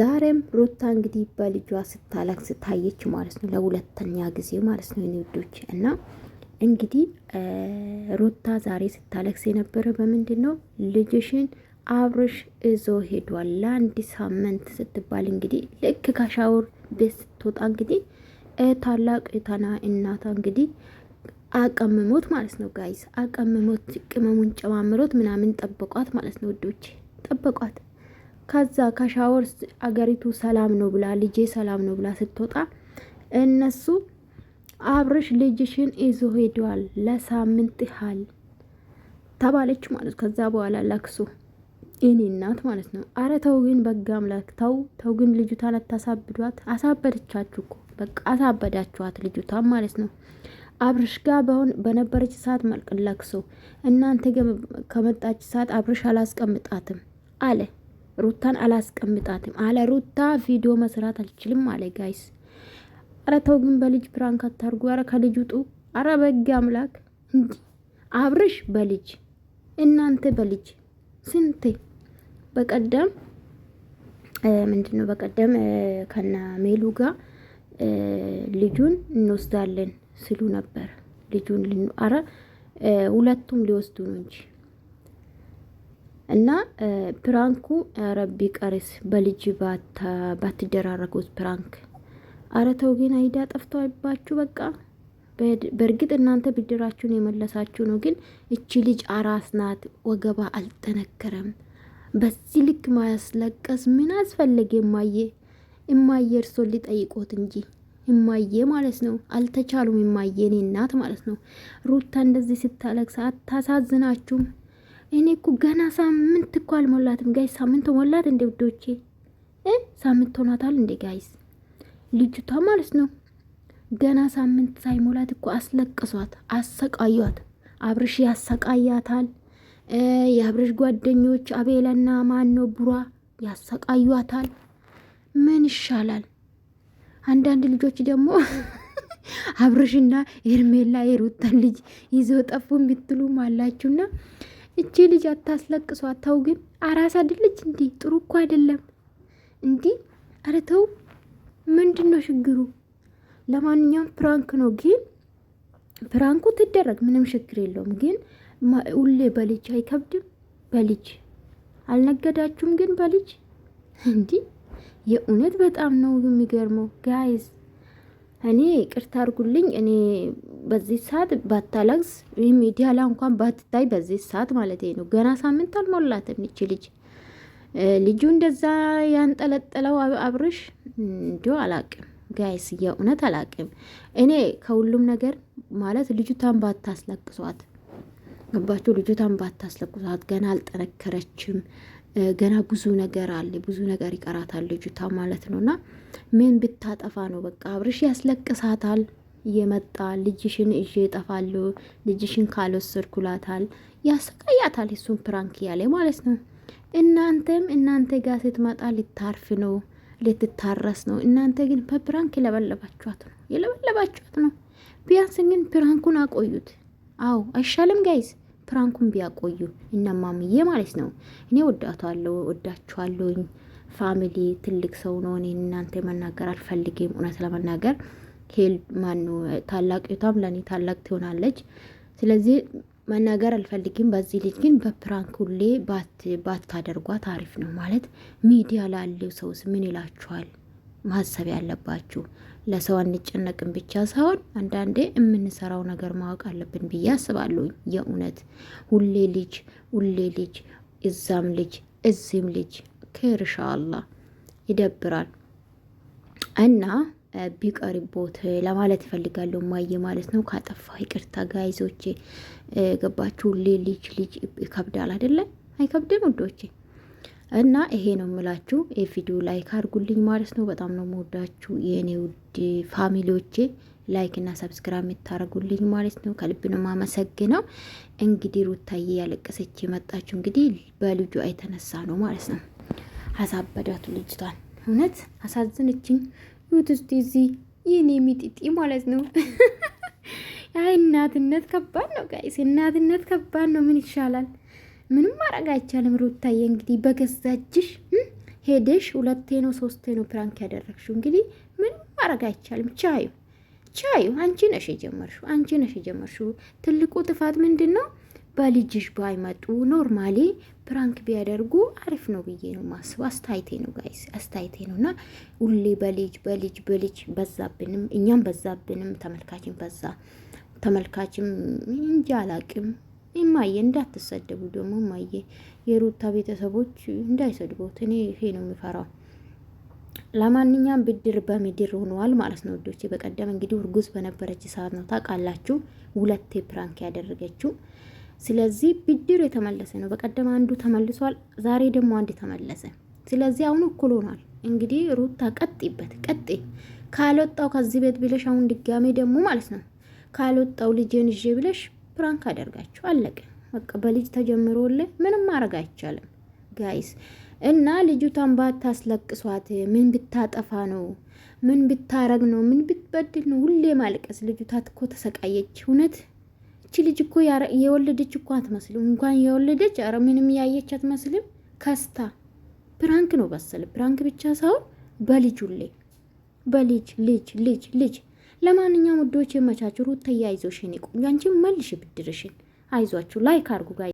ዛሬም ሩታ እንግዲህ በልጇ ስታለቅስ ታየች ማለት ነው። ለሁለተኛ ጊዜ ማለት ነው ውዶች። እና እንግዲህ ሩታ ዛሬ ስታለቅስ የነበረ በምንድን ነው? ልጅሽን አብርሽ እዞ ሄዷል ለአንድ ሳምንት ስትባል እንግዲህ ልክ ከሻወር ቤት ስትወጣ እንግዲህ ታላቅ እህታና እናታ እንግዲህ አቀምሞት ማለት ነው ጋይስ፣ አቀምሞት ቅመሙን ጨማምሮት ምናምን ጠበቋት ማለት ነው ውዶች፣ ጠበቋት ከዛ ከሻወር አገሪቱ ሰላም ነው ብላ ልጄ ሰላም ነው ብላ ስትወጣ እነሱ አብርሽ ልጅሽን ይዞ ሄደዋል ለሳምንት ያህል ተባለች ማለት ከዛ በኋላ ለክሶ እኔ እናት ማለት ነው። አረ ተው ግን በጋ አምላክ ተው ተው ግን ልጅቷን አታሳብዷት። አሳበደቻችሁ እኮ በቃ አሳበዳችኋት ልጅቷን ማለት ነው። አብርሽ ጋር በሆን በነበረች ሰዓት መልቅላክሶ እናንተ ከመጣች ሰዓት አብርሽ አላስቀምጣትም አለ። ሩታን አላስቀምጣትም አለ። ሩታ ቪዲዮ መስራት አልችልም አለ። ጋይስ አረ ተው ግን በልጅ ፕራንክ አታርጉ። አረ ከልጅ ውጡ። አረ በግ አምላክ አብርሽ በልጅ እናንተ በልጅ ስንቴ በቀደም ምንድን ነው በቀደም ከነ ሜሉ ጋር ልጁን እንወስዳለን ስሉ ነበር። ልጁን አረ ሁለቱም ሊወስዱ ነው እንጂ እና ፕራንኩ ረቢ ቀርስ በልጅ ባትደራረጉት ፕራንክ። አረተው ግን አይዳ ጠፍቶ አይባችሁ በቃ። በእርግጥ እናንተ ብድራችሁን የመለሳችሁ ነው። ግን እቺ ልጅ አራስ ናት፣ ወገባ አልጠነከረም። በዚህ ልክ ማያስለቀስ ምን አስፈለገ? እማዬ እማዬ እርሶ ሊጠይቆት እንጂ እማዬ ማለት ነው። አልተቻሉም እማዬ፣ እኔ እናት ማለት ነው። ሩታ እንደዚህ ስታለቅስ አታሳዝናችሁም? እኔ እኮ ገና ሳምንት እኮ አልሞላትም ጋይስ። ሳምንት ሞላት እንደ ውዶቼ፣ ሳምንት ሆኗታል እንደ ጋይስ። ልጅቷ ማለት ነው ገና ሳምንት ሳይሞላት እኮ አስለቅሷት፣ አሰቃያት። አብርሽ ያሰቃያታል። የአብርሽ ጓደኞች አቤላና ማኖ ቡራ ያሰቃዩታል። ምን ይሻላል? አንዳንድ ልጆች ደግሞ አብርሽና ኤርሜላ የሩታን ልጅ ይዘው ጠፉ የምትሉም አላችሁና እቺ ልጅ አታስለቅሶ አታው ግን አራስ ድልጅ እንዲ ጥሩ እኮ አይደለም እንዲ ኧረ ተው ምንድን ነው ችግሩ ለማንኛውም ፕራንክ ነው ግን ፕራንኩ ትደረግ ምንም ችግር የለውም ግን ሁሌ በልጅ አይከብድም በልጅ አልነገዳችሁም ግን በልጅ እንዲ የእውነት በጣም ነው የሚገርመው ጋይዝ እኔ ቅርታ አርጉልኝ። እኔ በዚህ ሰዓት ባታለቅስ ወይም ሚዲያ ላይ እንኳን ባትታይ በዚህ ሰዓት ማለት ነው። ገና ሳምንት አልሞላትም ይቺ ልጅ። ልጁ እንደዛ ያንጠለጠለው አብርሽ እንዲ አላቅም፣ ጋይስ የእውነት አላቅም። እኔ ከሁሉም ነገር ማለት ልጅቷን ባታስለቅሷት፣ ገባችሁ? ልጅቷን ባታስለቅሷት፣ ገና አልጠነከረችም። ገና ብዙ ነገር አለ፣ ብዙ ነገር ይቀራታል ልጅቷ ማለት ነው። እና ምን ብታጠፋ ነው በቃ አብርሽ ያስለቅሳታል የመጣ ልጅሽን እዤ እጠፋለሁ፣ ልጅሽን ካልወሰድኩላታል ያሰቃያታል። እሱን ፕራንክ ያለ ማለት ነው። እናንተም እናንተ ጋር ስትመጣ ልታርፍ ነው፣ ልትታረስ ነው። እናንተ ግን በፕራንክ የለበለባችኋት ነው የለበለባችኋት ነው። ቢያንስ ግን ፕራንኩን አቆዩት። አዎ አይሻልም ጋይዝ? ፕራንኩን ቢያቆዩ እነማምዬ ማለት ነው። እኔ ወዳቷለሁ፣ ወዳችኋለሁኝ። ፋሚሊ ትልቅ ሰው ነው። እኔ እናንተ መናገር አልፈልግም። እውነት ለመናገር ሄል ማኑ ታላቅ ለእኔ ታላቅ ትሆናለች። ስለዚህ መናገር አልፈልግም። በዚህ ልጅ ግን በፕራንክ ሁሌ ባታደርጓት አሪፍ ነው ማለት ሚዲያ ላለው ሰውስ ምን ይላችኋል? ማሰብ ያለባችሁ። ለሰው አንጨነቅም ብቻ ሳይሆን አንዳንዴ የምንሰራው ነገር ማወቅ አለብን ብዬ አስባለሁ። የእውነት ሁሌ ልጅ ሁሌ ልጅ እዛም ልጅ እዚህም ልጅ ክር ይደብራል እና ቢቀሪቦት ለማለት እፈልጋለሁ ማየ ማለት ነው ካጠፋ ይቅርታ ጋይዞቼ፣ ገባችሁ። ሁሌ ልጅ ልጅ ይከብዳል አይደለም? አይከብድም ውዶቼ እና ይሄ ነው የምላችሁ። የቪዲዮ ላይክ አድርጉልኝ ማለት ነው። በጣም ነው መወዳችሁ የእኔ ውድ ፋሚሊዎቼ ላይክ እና ሰብስክራይብ የምታደርጉልኝ ማለት ነው። ከልብ ነው የማመሰግነው። እንግዲህ ሩታዬ ያለቀሰች የመጣችሁ እንግዲህ በልጇ የተነሳ ነው ማለት ነው። አሳበዳቱ ልጅቷን እውነት አሳዝነችኝ። ዩት ውስጥ እዚህ የሚጢጢ ማለት ነው። ያ እናትነት ከባድ ነው ጋይስ፣ እናትነት ከባድ ነው። ምን ይሻላል? ምንም ማድረግ አይቻልም። ሩታዬ እንግዲህ በገዛችሽ ሄደሽ ሁለቴ ነው ሶስቴ ነው ፕራንክ ያደረግሽው። እንግዲህ ምንም ማድረግ አይቻልም። ቻዩ ቻዩ፣ አንቺ ነሽ የጀመርሽው፣ አንቺ ነሽ የጀመርሽው። ትልቁ ጥፋት ምንድን ነው? በልጅሽ ባይመጡ ኖርማሊ ፕራንክ ቢያደርጉ አሪፍ ነው ብዬ ነው ማስብ። አስተያየቴ ነው ጋይስ፣ አስተያየቴ ነው እና ሁሌ በልጅ በልጅ በልጅ በዛብንም፣ እኛም በዛብንም፣ ተመልካችን በዛ ተመልካችም እንጂ አላቅም እማዬ እንዳትሰደቡ ደግሞ እማዬ የሩታ ቤተሰቦች እንዳይሰድቡት እኔ ይሄ ነው የሚፈራው። ለማንኛውም ብድር በምድር ሆነዋል ማለት ነው ውዶቼ። በቀደም እንግዲህ እርጉዝ በነበረች ሰዓት ነው ታውቃላችሁ፣ ሁለቴ ፕራንክ ያደረገችው። ስለዚህ ብድር የተመለሰ ነው። በቀደም አንዱ ተመልሷል፣ ዛሬ ደግሞ አንድ ተመለሰ። ስለዚህ አሁን እኩል ሆኗል። እንግዲህ ሩታ ቀጥበት ቀጥ ካልወጣው ከዚህ ቤት ብለሽ አሁን ድጋሜ ደግሞ ማለት ነው ካልወጣው ልጄን ይዤ ብለሽ ፕራንክ አደርጋችሁ አለቀ። በቃ በልጅ ተጀምሮልህ ምንም ማድረግ አይቻልም ጋይስ። እና ልጅቷን ባታስለቅሷት ምን ብታጠፋ ነው? ምን ብታረግ ነው? ምን ብትበድል ነው? ሁሌ ማልቀስ። ልጅቷ እኮ ተሰቃየች እውነት። እቺ ልጅ እኮ የወለደች እኮ አትመስልም። እንኳን የወለደች ኧረ ምንም ያየች አትመስልም። ከስታ ፕራንክ ነው በሰል ፕራንክ ብቻ ሳይሆን በልጁ ላይ በልጅ ልጅ ልጅ ልጅ ለማንኛውም ውዶች የመቻችሁ ሩት ተያይዞሽን ይቁም። ያንቺም መልሽ ብድርሽን። አይዟችሁ። ላይክ አርጉ ጋይ